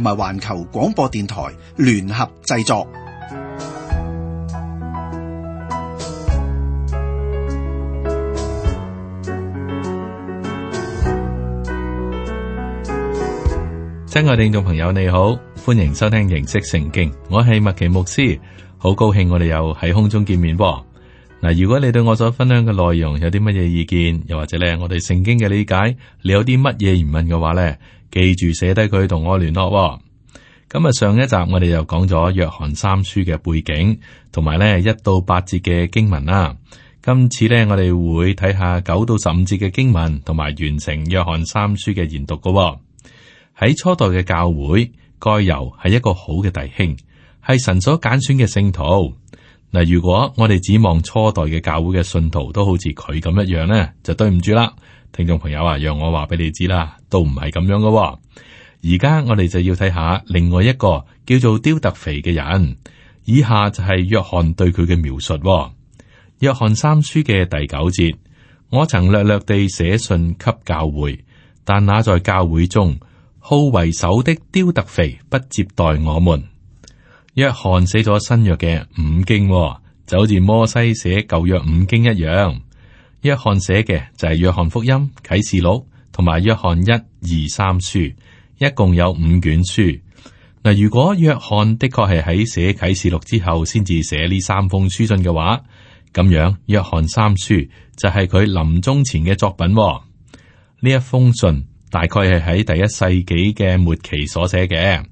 同埋環球廣播電台聯合製作。親愛的聽眾朋友，你好，歡迎收聽形式聖經，我係麥奇牧師，好高興我哋又喺空中見面。嗱，如果你對我所分享嘅內容有啲乜嘢意見，又或者咧，我哋聖經嘅理解，你有啲乜嘢疑問嘅話咧，記住寫低佢同我聯絡。今日上一集我哋又講咗約翰三書嘅背景，同埋咧一到八節嘅經文啦。今次咧我哋會睇下九到十五節嘅經文，同埋完成約翰三書嘅研讀噶。喺初代嘅教會，該猶係一個好嘅弟兄，係神所揀選嘅聖徒。嗱，如果我哋指望初代嘅教會嘅信徒都好似佢咁一樣咧，就對唔住啦，聽眾朋友啊，讓我話俾你知啦，都唔係咁樣嘅、哦，而家我哋就要睇下另外一個叫做丟特腓嘅人，以下就係約翰對佢嘅描述、哦。約翰三書嘅第九節，我曾略略地寫信給教會，但那在教會中好為首的丟特腓不接待我們。約翰寫咗新約嘅五經，就好似摩西寫舊約五經一樣。約翰寫嘅就係約翰福音、啟示錄同埋約翰一二三書，一共有五卷書。嗱，如果約翰的確係喺寫啟示錄之後先至寫呢三封書信嘅話，咁樣約翰三書就係佢臨終前嘅作品。呢一封信大概係喺第一世紀嘅末期所寫嘅。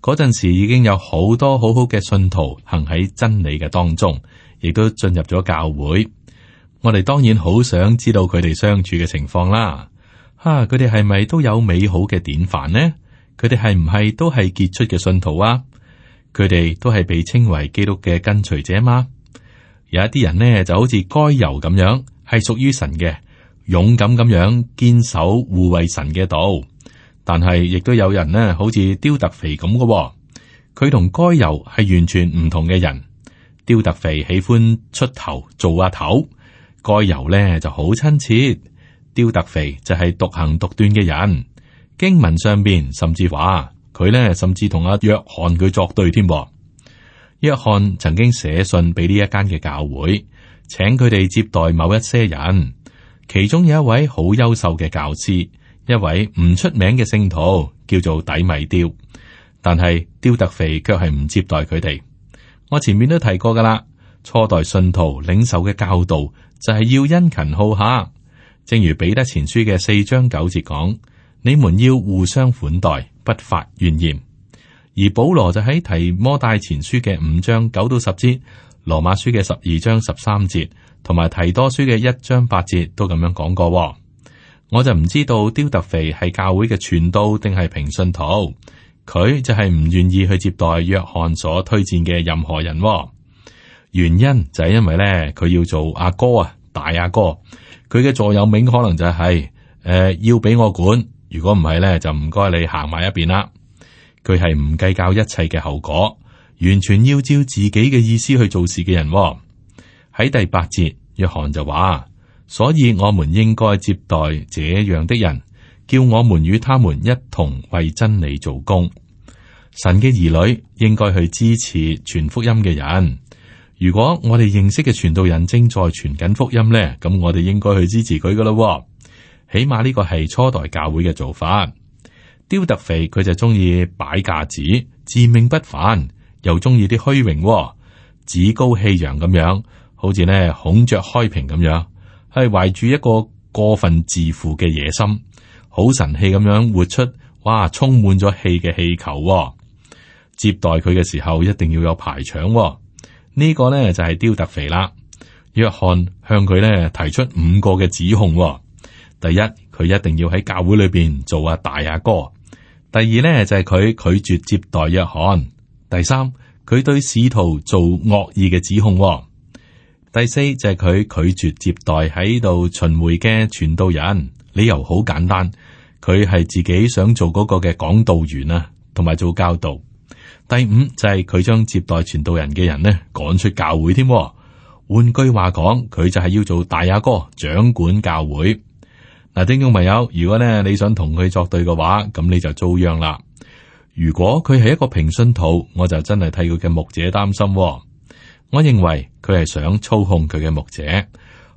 嗰陣時已經有好多好好嘅信徒行喺真理嘅當中，亦都進入咗教會。我哋當然好想知道佢哋相處嘅情況啦。哈、啊，佢哋係咪都有美好嘅典範呢？佢哋係唔係都係傑出嘅信徒啊？佢哋都係被稱為基督嘅跟隨者嘛？有一啲人呢就好似該猶咁樣，係屬於神嘅，勇敢咁樣堅守護衛神嘅道。但係，亦都有人呢，好似丟特腓咁嘅喎。佢同該猶係完全唔同嘅人。丟特腓喜歡出頭做阿頭，該猶呢就好親切。丟特腓就係獨行獨斷嘅人。經文上邊甚至話佢呢，甚至同阿約翰佢作對添喎。約翰曾經寫信俾呢一間嘅教會，請佢哋接待某一些人，其中有一位好優秀嘅教師。一位唔出名嘅聖徒叫做底米丟，但係丟特腓卻係唔接待佢哋。我前面都提過噶啦，初代信徒領袖嘅教導就係、是、要殷勤好客，正如彼得前書嘅四章九節講：你們要互相款待，不發怨言。而保羅就喺提摩太前書嘅五章九到十節、羅馬書嘅十二章十三節，同埋提多書嘅一章八節都咁樣講過。我就唔知道丟特腓係教會嘅傳道定係平信徒，佢就係唔願意去接待約翰所推薦嘅任何人、哦。原因就係因為咧，佢要做阿哥啊，大阿哥，佢嘅座右銘可能就係、是、誒、呃、要俾我管，如果唔係咧就唔該你行埋一邊啦。佢係唔計較一切嘅後果，完全要照自己嘅意思去做事嘅人、哦。喺第八節，約翰就話。所以我們應該接待這樣的人，叫我們與他們一同為真理做工。神嘅兒女應該去支持傳福音嘅人。如果我哋認識嘅傳道人正在傳緊福音呢，咁我哋應該去支持佢噶啦。起碼呢個係初代教會嘅做法。丟特腓佢就中意擺架子，自命不凡，又中意啲虛榮，趾高氣揚咁樣，好似呢孔雀開屏咁樣。係懷住一個過分自負嘅野心，好神氣咁樣活出，哇！充滿咗氣嘅氣球、哦、接待佢嘅時候，一定要有排場、哦。這個、呢個咧就係、是、丟特腓啦。約翰向佢咧提出五個嘅指控、哦，第一，佢一定要喺教會裏邊做阿大阿哥；第二咧就係、是、佢拒絕接待約翰；第三，佢對使徒做惡意嘅指控、哦。第四就係佢拒絕接待喺度巡回嘅傳道人，理由好簡單，佢係自己想做嗰個嘅講道員啊，同埋做教導。第五就係佢將接待傳道人嘅人呢趕出教會添。換句話講，佢就係要做大阿哥，掌管教會。嗱，聽眾朋友，如果呢你想同佢作對嘅話，咁你就遭殃啦。如果佢係一個平信徒，我就真係替佢嘅牧者擔心喎。我認為。佢係想操控佢嘅牧者，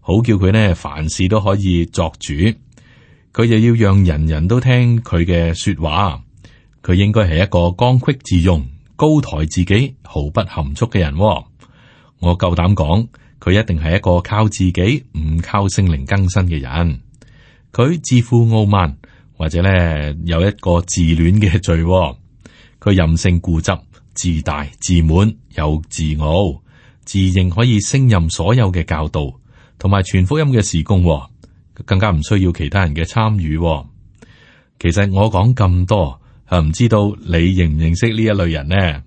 好叫佢呢，凡事都可以作主。佢又要讓人人都聽佢嘅說話。佢應該係一個剛愎自用、高抬自己、毫不含蓄嘅人，哦。我夠膽講，佢一定係一個靠自己唔靠聖靈更新嘅人。佢自負傲慢，或者呢，有一個自戀嘅罪，哦。佢任性固執、自大自滿、又自傲。自認可以升任所有嘅教導同埋全福音嘅事工，更加唔需要其他人嘅參與。其實我講咁多，唔知道你認唔認識呢一類人呢？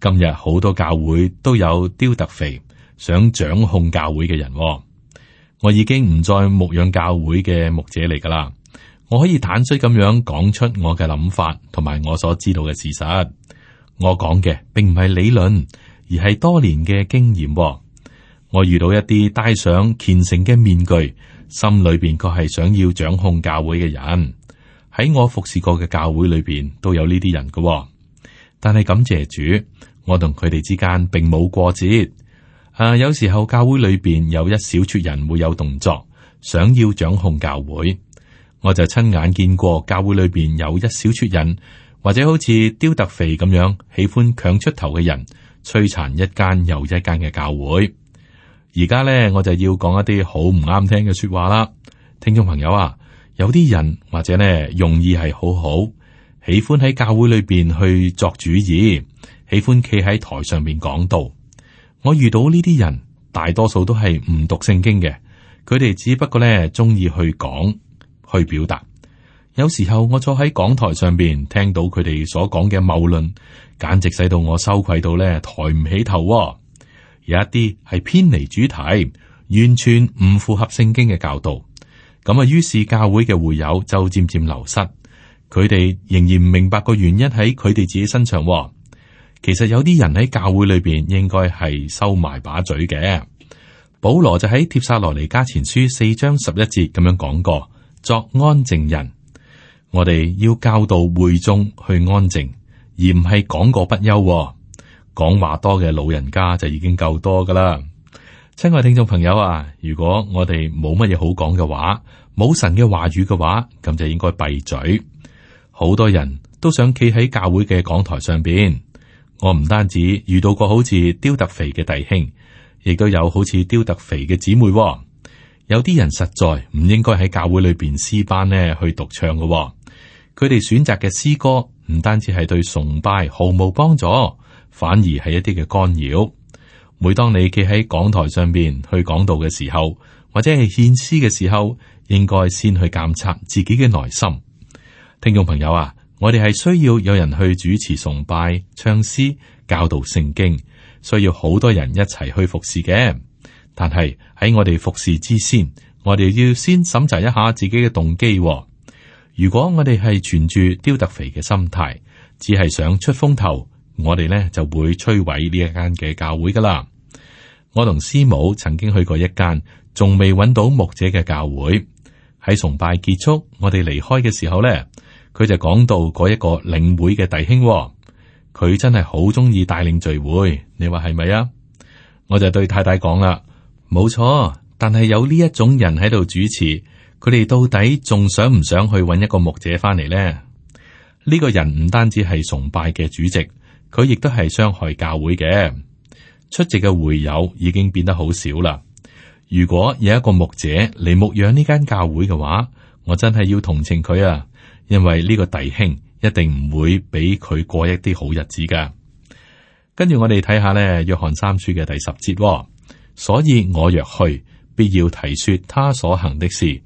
今日好多教會都有刁特肥想掌控教會嘅人。我已經唔再牧養教會嘅牧者嚟噶啦，我可以坦率咁樣講出我嘅諗法同埋我所知道嘅事實。我講嘅並唔係理論。而係多年嘅經驗。哦，我遇到一啲戴上虔誠嘅面具，心裏邊確係想要掌控教會嘅人。喺我服侍過嘅教會裏邊，都有呢啲人嘅，哦。但係感謝主，我同佢哋之間並冇過節。誒、啊，有時候教會裏邊有一小撮人會有動作，想要掌控教會，我就親眼見過教會裏邊有一小撮人或者好似丟特腓咁樣，喜歡強出頭嘅人。摧殘一間又一間嘅教會。而家咧，我就要講一啲好唔啱聽嘅說話啦。聽眾朋友啊，有啲人或者咧，用意係好好，喜歡喺教會裏邊去作主意，喜歡企喺台上面講道。我遇到呢啲人，大多數都係唔讀聖經嘅，佢哋只不過咧中意去講去表達。有時候我坐喺講台上邊，聽到佢哋所講嘅謬論，簡直使到我羞愧到咧，抬唔起頭，哦。有一啲係偏離主題，完全唔符合聖經嘅教導。咁啊，於是教會嘅會友就漸漸流失。佢哋仍然唔明白個原因喺佢哋自己身上，哦。其實有啲人喺教會裏邊應該係收埋把嘴嘅。保羅就喺帖撒羅尼迦前書四章十一節咁樣講過：作安靜人。我哋要教導會眾去安靜，而唔係講個不休，哦。講話多嘅老人家就已經夠多噶啦。親愛聽眾朋友啊，如果我哋冇乜嘢好講嘅話，冇神嘅話語嘅話，咁就應該閉嘴。好多人都想企喺教會嘅講台上邊，我唔單止遇到過好似丟特腓嘅弟兄，亦都有好似丟特腓嘅姊妹，哦。有啲人實在唔應該喺教會裏邊詩班呢去獨唱嘅，哦。佢哋選擇嘅詩歌唔單止係對崇拜毫無幫助，反而係一啲嘅干擾。每當你企喺講台上邊去講道嘅時候，或者係獻詩嘅時候，應該先去監察自己嘅內心。聽眾朋友啊，我哋係需要有人去主持崇拜、唱詩、教導聖經，需要好多人一齊去服侍嘅。但係喺我哋服侍之先，我哋要先審查一下自己嘅動機，哦。如果我哋係存住丟特腓嘅心態，只係想出風頭，我哋呢就會摧毀呢一間嘅教會噶啦。我同師母曾經去過一間仲未揾到牧者嘅教會，喺崇拜結束，我哋離開嘅時候呢，佢就講到嗰一個領會嘅弟兄，佢真係好中意帶領聚會。你話係咪啊？我就對太太講啦，冇錯，但係有呢一種人喺度主持。佢哋到底仲想唔想去揾一個牧者翻嚟咧？呢、呢個人唔單止係崇拜嘅主席，佢亦都係傷害教會嘅出席嘅會友已經變得好少啦。如果有一個牧者嚟牧養呢間教會嘅話，我真係要同情佢啊，因為呢個弟兄一定唔會俾佢過一啲好日子噶。跟住我哋睇下呢，約翰三書嘅第十節，哦，所以我若去，必要提說他所行的事。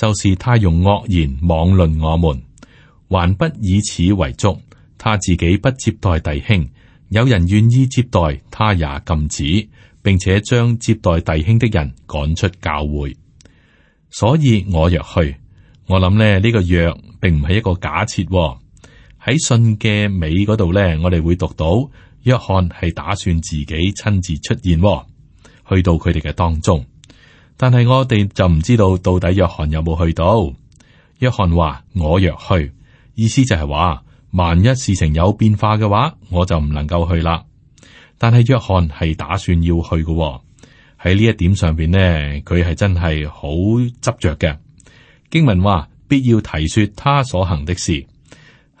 就是他用惡言妄論我們，還不以此為足。他自己不接待弟兄，有人願意接待，他也禁止，並且將接待弟兄的人趕出教會。所以我若去，我諗咧呢、呢個若並唔係一個假設喺、哦、信嘅尾嗰度咧，我哋會讀到約翰係打算自己親自出現、哦，去到佢哋嘅當中。但係我哋就唔知道到底約翰有冇去到。約翰話：我若去，意思就係話，萬一事情有變化嘅話，我就唔能夠去啦。但係約翰係打算要去嘅喎、哦。喺呢一點上邊呢，佢係真係好執着嘅。經文話：必要提說他所行的事。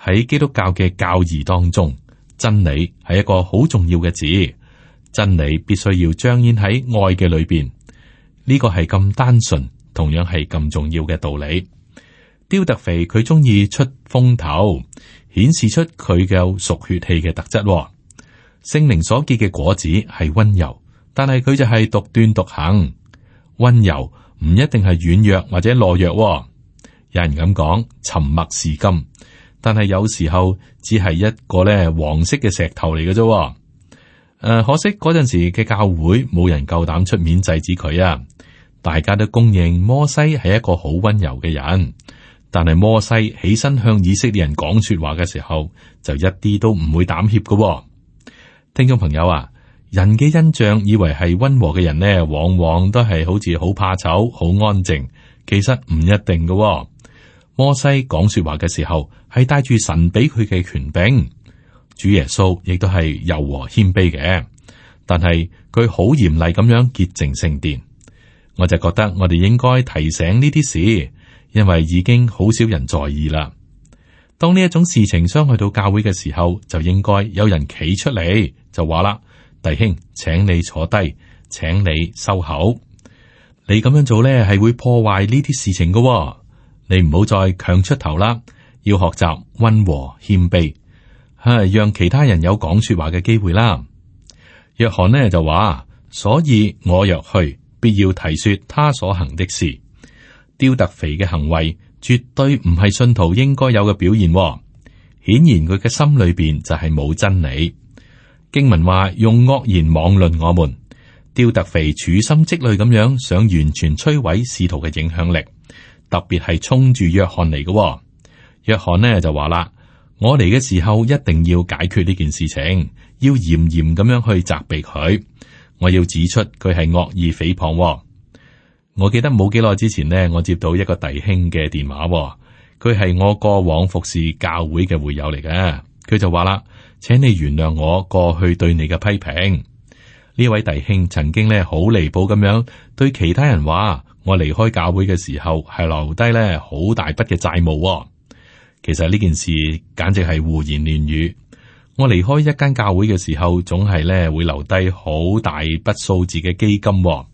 喺基督教嘅教義當中，真理係一個好重要嘅字，真理必須要彰顯喺愛嘅裏邊。呢個係咁單純，同樣係咁重要嘅道理。丟特腓，佢中意出風頭，顯示出佢嘅屬血氣嘅特質，哦。聖靈所結嘅果子係溫柔，但係佢就係獨斷獨行。溫柔唔一定係軟弱或者懦弱，哦。有人咁講，沉默是金，但係有時候只係一個咧黃色嘅石頭嚟嘅啫。誒，可惜嗰陣時嘅教會冇人夠膽出面制止佢啊！大家都公認摩西係一個好温柔嘅人，但係摩西起身向以色列人講說話嘅時候，就一啲都唔會膽怯噶喎。聽眾朋友啊，人嘅印象以為係温和嘅人呢，往往都係好似好怕醜、好安靜，其實唔一定噶喎。摩西講說話嘅時候，係帶住神俾佢嘅權柄。主耶穌亦都係柔和謙卑嘅，但係佢好嚴厲咁樣潔淨聖殿。我就覺得我哋應該提醒呢啲事，因為已經好少人在意啦。當呢一種事情傷害到教會嘅時候，就應該有人企出嚟，就話啦：弟兄，請你坐低，請你收口。你咁樣做咧，係會破壞呢啲事情㗎喎。你唔好再強出頭啦，要學習溫和謙卑。係讓其他人有講說話嘅機會啦。約翰呢就話，所以我若去，必要提說他所行的事。丟特腓嘅行為絕對唔係信徒應該有嘅表現，哦，顯然佢嘅心裏邊就係冇真理。經文話用惡言妄論我們。丟特腓處心積慮咁樣想完全摧毀使徒嘅影響力，特別係衝住約翰嚟嘅。約翰呢就話啦。我嚟嘅時候一定要解決呢件事情，要嚴嚴咁樣去責備佢。我要指出佢係惡意誹謗哦。我記得冇幾耐之前呢，我接到一個弟兄嘅電話哦，佢係我過往服侍教會嘅會友嚟嘅。佢就話啦，請你原諒我過去對你嘅批評。呢位弟兄曾經呢好離譜咁樣對其他人話，我離開教會嘅時候係留低呢好大筆嘅債務哦。其實呢件事簡直係胡言亂語。我離開一間教會嘅時候，總係咧會留低好大筆數字嘅基金喎，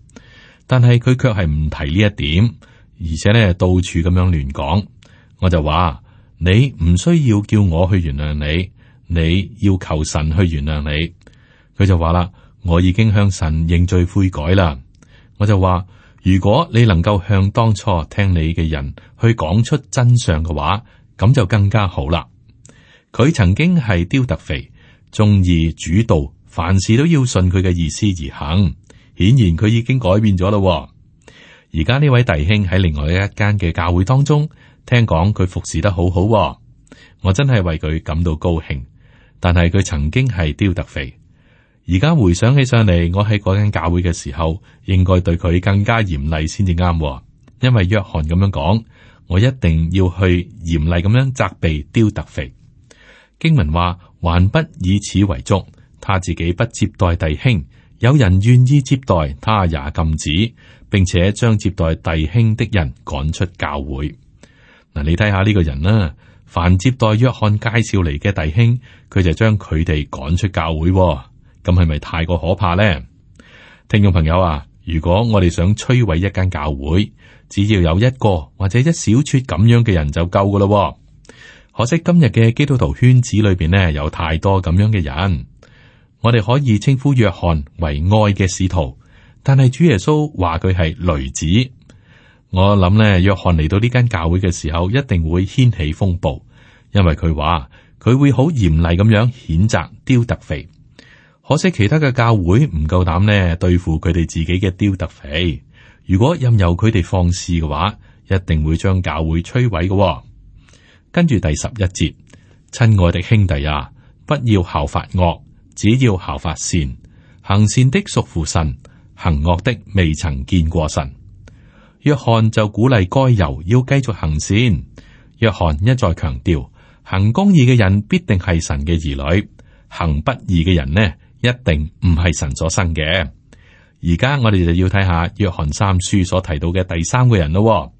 但係佢卻係唔提呢一點，而且咧到處咁樣亂講。我就話你唔需要叫我去原諒你，你要求神去原諒你。佢就話啦，我已經向神認罪悔改啦。我就話如果你能夠向當初聽你嘅人去講出真相嘅話。咁就更加好啦！佢曾經係刁特肥，中意主導，凡事都要順佢嘅意思而行。顯然佢已經改變咗咯。而家呢位弟兄喺另外一間嘅教會當中，聽講佢服侍得好好，我真係為佢感到高興。但係佢曾經係刁特肥，而家回想起上嚟，我喺嗰間教會嘅時候，應該對佢更加嚴厲先至啱。因為約翰咁樣講。我一定要去嚴厲咁樣責備丟特腓。經文話，還不以此為足，他自己不接待弟兄，有人願意接待，他也禁止，並且將接待弟兄的人趕出教會。嗱、啊，你睇下呢個人啦，凡接待約翰介紹嚟嘅弟兄，佢就將佢哋趕出教會、啊。咁係咪太過可怕呢？聽眾朋友啊，如果我哋想摧毀一間教會。只要有一個或者一小撮咁樣嘅人就夠噶啦，可惜今日嘅基督徒圈子裏邊呢，有太多咁樣嘅人。我哋可以稱呼約翰為愛嘅使徒，但係主耶穌話佢係雷子。我諗呢，約翰嚟到呢間教會嘅時候，一定會掀起風暴，因為佢話佢會好嚴厲咁樣譴責丟特肥。可惜其他嘅教會唔夠膽呢，對付佢哋自己嘅丟特肥。如果任由佢哋放肆嘅話，一定會將教會摧毀嘅哦。跟住第十一節，親愛的兄弟啊，不要效法惡，只要效法善。行善的屬乎神，行惡的未曾見過神。約翰就鼓勵該猶要繼續行善。約翰一再強調，行公義嘅人必定係神嘅兒女，行不義嘅人呢，一定唔係神所生嘅。而家我哋就要睇下約翰三書所提到嘅第三個人咯。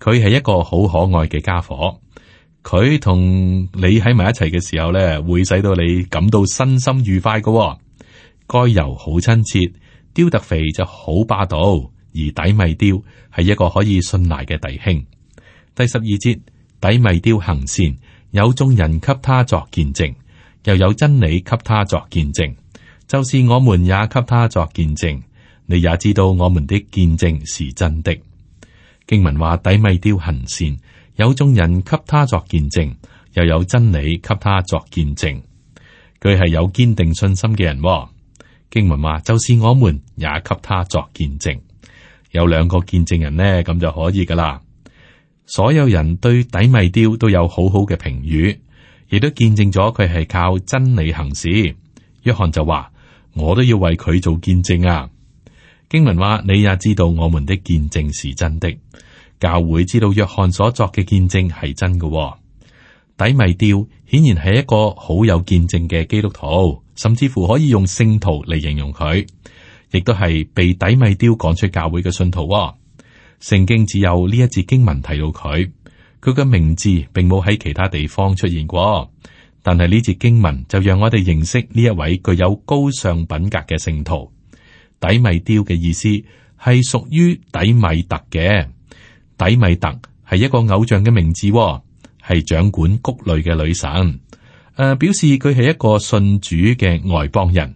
佢係一個好可愛嘅家伙，佢同你喺埋一齊嘅時候呢，會使到你感到身心愉快噶。該猶好親切，丟特腓就好霸道，而低米丟係一個可以信賴嘅弟兄。第十二節，低米丟行善，有眾人給他作見證，又有真理給他作見證，就是我們也給他作見證。你也知道我們的見證是真的。經文話：底米雕行善，有眾人給他作見證，又有真理給他作見證。佢係有堅定信心嘅人。經文話：就是我們也給他作見證。有兩個見證人呢，咁就可以噶啦。所有人對底米雕都有好好嘅評語，亦都見證咗佢係靠真理行事。約翰就話：我都要為佢做見證啊！經文話，你也知道我們的見證是真的。教會知道約翰所作嘅見證係真嘅、哦。底米丟顯然係一個好有見證嘅基督徒，甚至乎可以用聖徒嚟形容佢。亦都係被底米丟講出教會嘅信徒、哦。聖經只有呢一節經文提到佢，佢嘅名字並冇喺其他地方出現過。但係呢節經文就讓我哋認識呢一位具有高尚品格嘅聖徒。底米雕嘅意思係屬於底米特嘅，底米特係一個偶像嘅名字、哦，係掌管穀類嘅女神。誒、呃，表示佢係一個信主嘅外邦人，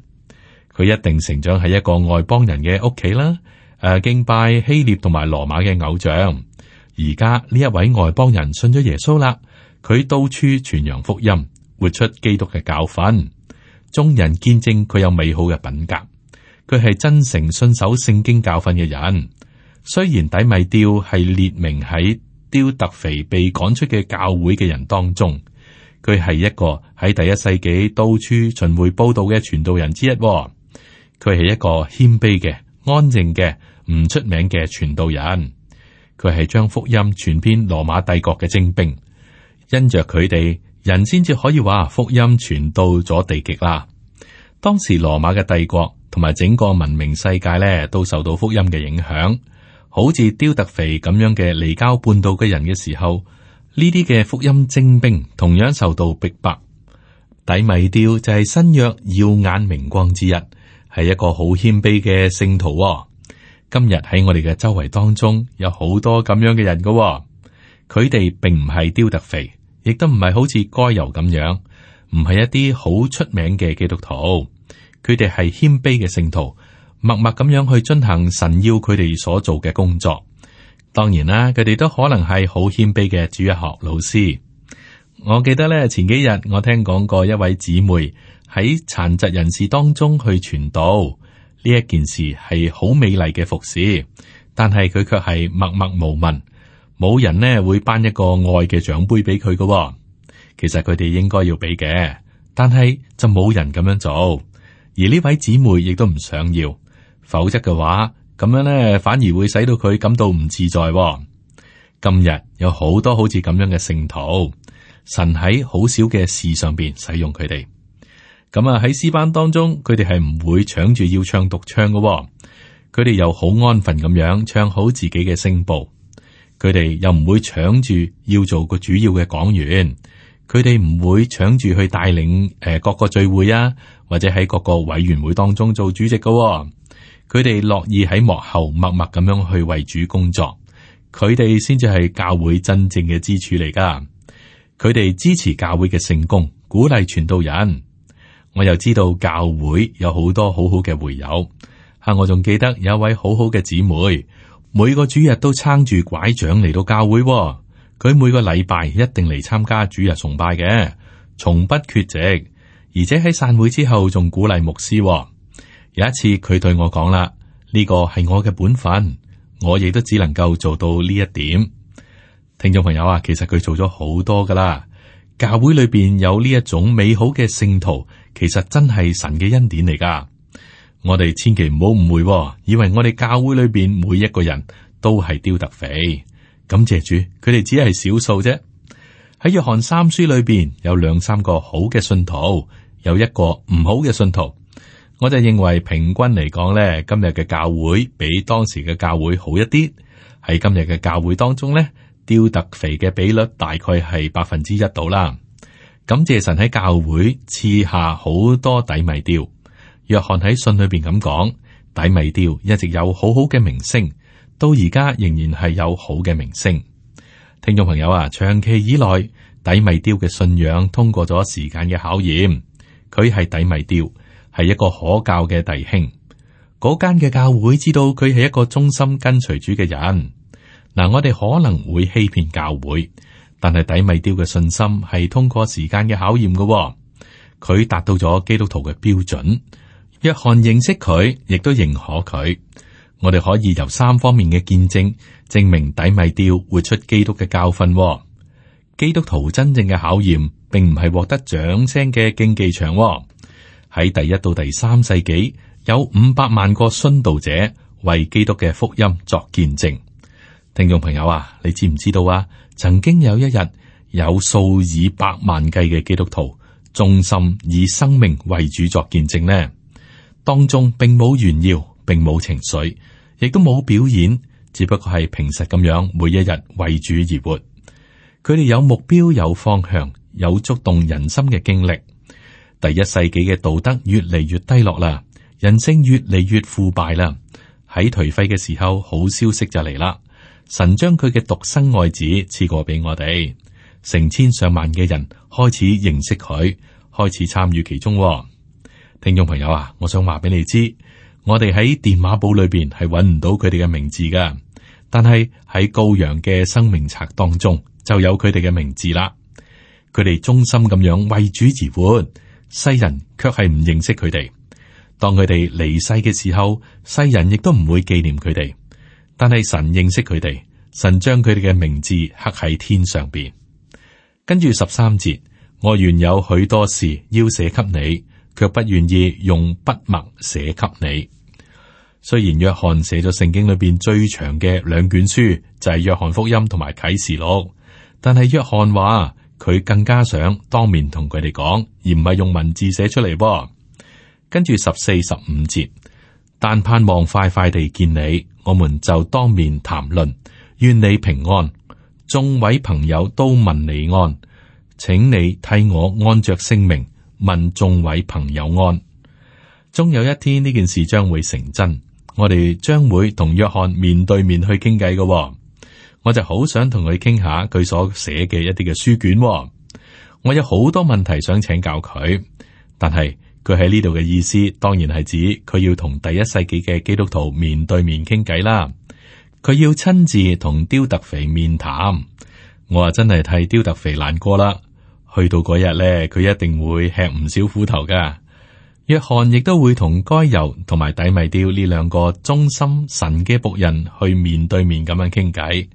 佢一定成長喺一個外邦人嘅屋企啦。誒、呃，敬拜希臘同埋羅馬嘅偶像。而家呢一位外邦人信咗耶穌啦，佢到處傳揚福音，活出基督嘅教訓，眾人見證佢有美好嘅品格。佢係真誠信守聖經教訓嘅人。雖然低米丟係列明喺丟特腓被趕出嘅教會嘅人當中，佢係一個喺第一世紀到處巡迴報道嘅傳道人之一、哦。佢係一個謙卑嘅安靜嘅唔出名嘅傳道人。佢係將福音傳遍羅馬帝國嘅精兵，因着佢哋人先至可以話福音傳到咗地極啦。當時羅馬嘅帝國。同埋整個文明世界咧，都受到福音嘅影響。好似丟特腓咁樣嘅離交半島嘅人嘅時候，呢啲嘅福音精兵同樣受到逼迫白。底米丟就係新約耀眼明光之一，係一個好謙卑嘅聖徒、哦。今日喺我哋嘅周圍當中，有好多咁樣嘅人嘅、哦。佢哋並唔係丟特腓，亦都唔係好似該猶咁樣，唔係一啲好出名嘅基督徒。佢哋係謙卑嘅聖徒，默默咁樣去進行神要佢哋所做嘅工作。當然啦，佢哋都可能係好謙卑嘅主日學老師。我記得咧，前幾日我聽講過一位姊妹喺殘疾人士當中去傳道呢一件事，係好美麗嘅服侍。但係佢卻係默默無聞，冇人咧會頒一個愛嘅獎杯俾佢嘅。其實佢哋應該要俾嘅，但係就冇人咁樣做。而呢位姊妹亦都唔想要，否則嘅話，咁樣咧反而會使到佢感到唔自在哦。今日有好多好似咁樣嘅聖徒，神喺好少嘅事上邊使用佢哋。咁啊喺詩班當中，佢哋係唔會搶住要唱獨唱嘅哦，佢哋又好安分咁樣唱好自己嘅聲部，佢哋又唔會搶住要做個主要嘅講員。佢哋唔會搶住去帶領誒各個聚會啊，或者喺各個委員會當中做主席噶喎。佢哋樂意喺幕後默默咁樣去為主工作，佢哋先至係教會真正嘅支柱嚟噶。佢哋支持教會嘅聖工，鼓勵傳道人。我又知道教會有好多好好嘅會友吓，我仲記得有一位好好嘅姊妹，每個主日都撐住拐杖嚟到教會喎。佢每個禮拜一定嚟參加主日崇拜嘅，從不缺席，而且喺散會之後仲鼓勵牧師喎。有一次佢對我講啦：呢、這個係我嘅本分，我亦都只能夠做到呢一點。聽眾朋友啊，其實佢做咗好多噶啦，教會裏邊有呢一種美好嘅聖徒，其實真係神嘅恩典嚟噶。我哋千祈唔好誤會喎，以為我哋教會裏邊每一個人都係刁特肥。感謝主，佢哋只係少數啫。喺約翰三書裏邊有兩三個好嘅信徒，有一個唔好嘅信徒。我就認為平均嚟講咧，今日嘅教會比當時嘅教會好一啲。喺今日嘅教會當中咧，丟特腓嘅比率大概係百分之一度啦。感謝神喺教會賜下好多低米丟。約翰喺信裏邊咁講，低米丟一直有好好嘅名聲。到而家仍然係有好嘅名聲，聽眾朋友啊，長期以來，低米丟嘅信仰通過咗時間嘅考驗，佢係低米丟，係一個可教嘅弟兄。嗰間嘅教會知道佢係一個忠心跟隨主嘅人。嗱，我哋可能會欺騙教會，但係低米丟嘅信心係通過時間嘅考驗嘅，佢達到咗基督徒嘅標準。約翰認識佢，亦都認可佢。我哋可以由三方面嘅見證證明底米丟活出基督嘅教訓，哦。基督徒真正嘅考驗，並唔係獲得掌聲嘅競技場，哦。喺第一到第三世紀，有五百萬個殉道者為基督嘅福音作見證。聽眾朋友啊，你知唔知道啊？曾經有一日，有數以百萬計嘅基督徒，忠心以生命為主作見證呢？當中並冇炫耀，並冇情緒。亦都冇表演，只不過係平時咁樣，每一日為主而活。佢哋有目標、有方向、有觸動人心嘅經歷。第一世紀嘅道德越嚟越低落啦，人性越嚟越腐敗啦。喺頹廢嘅時候，好消息就嚟啦。神將佢嘅獨生愛子賜過俾我哋，成千上萬嘅人開始認識佢，開始參與其中喎。聽眾朋友啊，我想話俾你知。我哋喺電話簿裏邊係揾唔到佢哋嘅名字噶，但係喺羔羊嘅生命冊當中就有佢哋嘅名字啦。佢哋忠心咁樣為主而活，世人卻係唔認識佢哋。當佢哋離世嘅時候，世人亦都唔會紀念佢哋。但係神認識佢哋，神將佢哋嘅名字刻喺天上邊。跟住十三節，我原有許多事要寫給你，卻不願意用筆墨寫給你。雖然約翰寫咗聖經裏邊最長嘅兩卷書就係約翰福音同埋啟示錄，但係約翰話佢更加想當面同佢哋講，而唔係用文字寫出嚟喎。跟住十四十五節，但盼望快快地見你，我們就當面談論，願你平安。眾位朋友都問你安，請你替我安着聲明，問眾位朋友安。終有一天呢件事將會成真。我哋將會同約翰面對面去傾偈嘅，我就好想同佢傾下佢所寫嘅一啲嘅書卷，哦，我有好多問題想請教佢，但係佢喺呢度嘅意思，當然係指佢要同第一世紀嘅基督徒面對面傾偈啦，佢要親自同丟特腓面談，我啊真係替丟特腓難過啦，去到嗰日咧，佢一定會吃唔少苦頭噶。約翰亦都會同該猶同埋底米丟，呢兩個忠心神嘅僕人去面對面咁樣傾偈，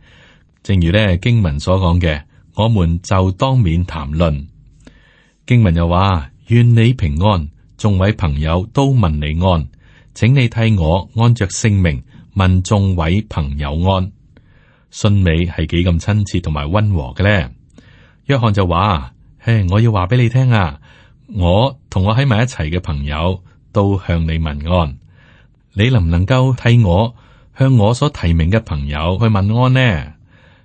正如呢經文所講嘅，我們就當面談論。經文又話：願你平安，眾位朋友都問你安，請你替我安着姓名問眾位朋友安。信尾係幾咁親切同埋温和嘅呢？約翰就話：嘿，我要話俾你聽啊！我同我喺埋一齊嘅朋友都向你問安。你能唔能夠替我向我所提名嘅朋友去問安呢？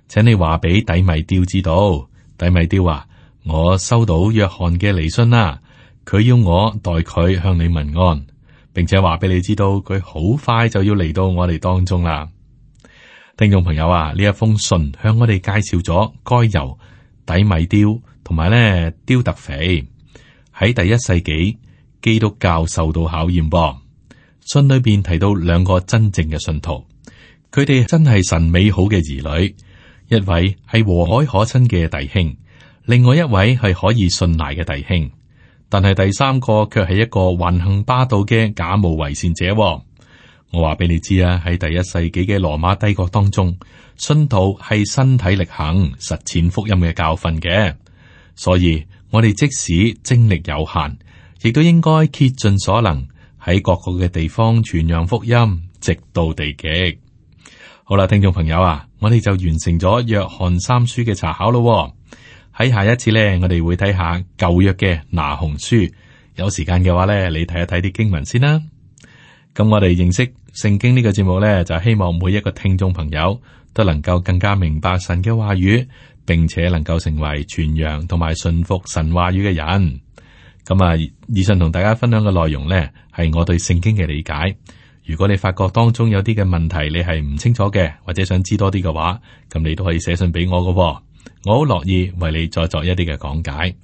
請你話俾底米雕知道，底米雕啊，我收到約翰嘅嚟信啦，佢要我代佢向你問安，並且話俾你知道佢好快就要嚟到我哋當中啦。聽眾朋友啊，呢一封信向我哋介紹咗該由底米雕同埋呢雕特肥。喺第一世紀，基督教受到考驗噃。信裏邊提到兩個真正嘅信徒，佢哋真係神美好嘅兒女。一位係和藹可，可，可親嘅弟兄，另外一位係可以信賴嘅弟兄。但係第三個卻係一個橫行霸道嘅假冒偽善者、哦。我話俾你知啊，喺第一世紀嘅羅馬帝國當中，信徒係身體力行實踐福音嘅教訓嘅，所以。我哋即使精力有限，亦都應該竭盡所能喺各個嘅地方傳揚福音，直到地極。好啦，聽眾朋友啊，我哋就完成咗約翰三書嘅查考咯、哦。喺下一次呢，我哋會睇下舊約嘅拿紅書。有時間嘅話呢，你睇一睇啲經文先啦。咁我哋認識聖經呢、呢個節目呢，就希望每一個聽眾朋友都能夠更加明白神嘅話語。並且能夠成為傳揚同埋信服神話語嘅人，咁啊，以上同大家分享嘅內容呢，係我對聖經嘅理解。如果你發覺當中有啲嘅問題，你係唔清楚嘅，或者想知多啲嘅話，咁你都可以寫信俾我嘅，我好樂意為你再作一啲嘅講解。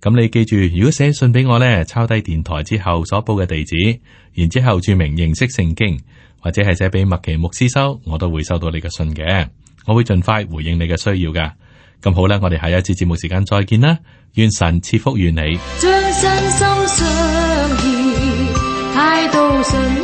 咁你記住，如果寫信俾我呢，抄低電台之後所報嘅地址，然之後注明認識聖經，或者係寫俾麥奇牧師收，我都會收到你嘅信嘅，我會盡快回應你嘅需要嘅。咁好啦，我哋下一次節目時間再見啦，願神賜福於你。將身心相態度